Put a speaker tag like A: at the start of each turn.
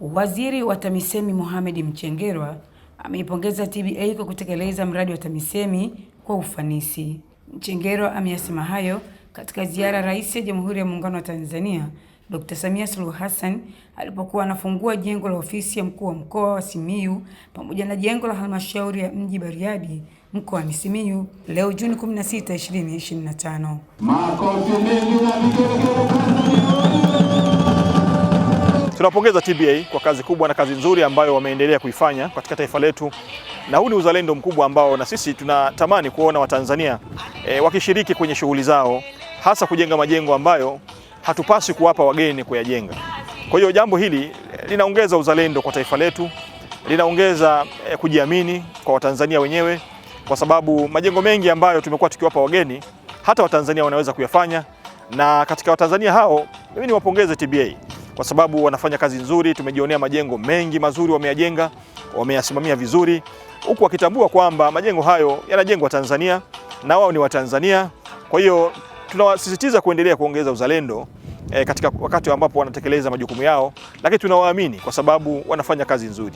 A: Waziri wa TAMISEMI Mohamed Mchengerwa ameipongeza TBA kwa kutekeleza mradi wa TAMISEMI kwa ufanisi. Mchengerwa ameyasema hayo katika ziara ya Rais wa Jamhuri ya Muungano wa Tanzania Dr. Samia Suluhu Hassan alipokuwa anafungua jengo la ofisi ya mkuu wa mkoa wa Simiyu pamoja na jengo la halmashauri ya mji Bariadi mkoani Simiyu leo Juni 16, 2025. Makofi mengi na vigelegele.
B: Tunapongeza TBA kwa kazi kubwa na kazi nzuri ambayo wameendelea kuifanya katika taifa letu, na huu ni uzalendo mkubwa ambao na sisi tunatamani kuona Watanzania e, wakishiriki kwenye shughuli zao, hasa kujenga majengo ambayo hatupasi kuwapa wageni kuyajenga. Kwa hiyo jambo hili e, linaongeza uzalendo kwa taifa letu, linaongeza e, kujiamini kwa Watanzania wenyewe, kwa sababu majengo mengi ambayo tumekuwa tukiwapa wageni hata Watanzania wanaweza kuyafanya, na katika Watanzania hao mimi niwapongeze TBA kwa sababu wanafanya kazi nzuri. Tumejionea majengo mengi mazuri wameyajenga, wameyasimamia vizuri, huku wakitambua kwamba majengo hayo yanajengwa Tanzania na wao ni Watanzania. Kwa hiyo tunawasisitiza kuendelea kuongeza uzalendo e, katika wakati ambapo wanatekeleza majukumu yao, lakini tunawaamini kwa sababu wanafanya kazi nzuri.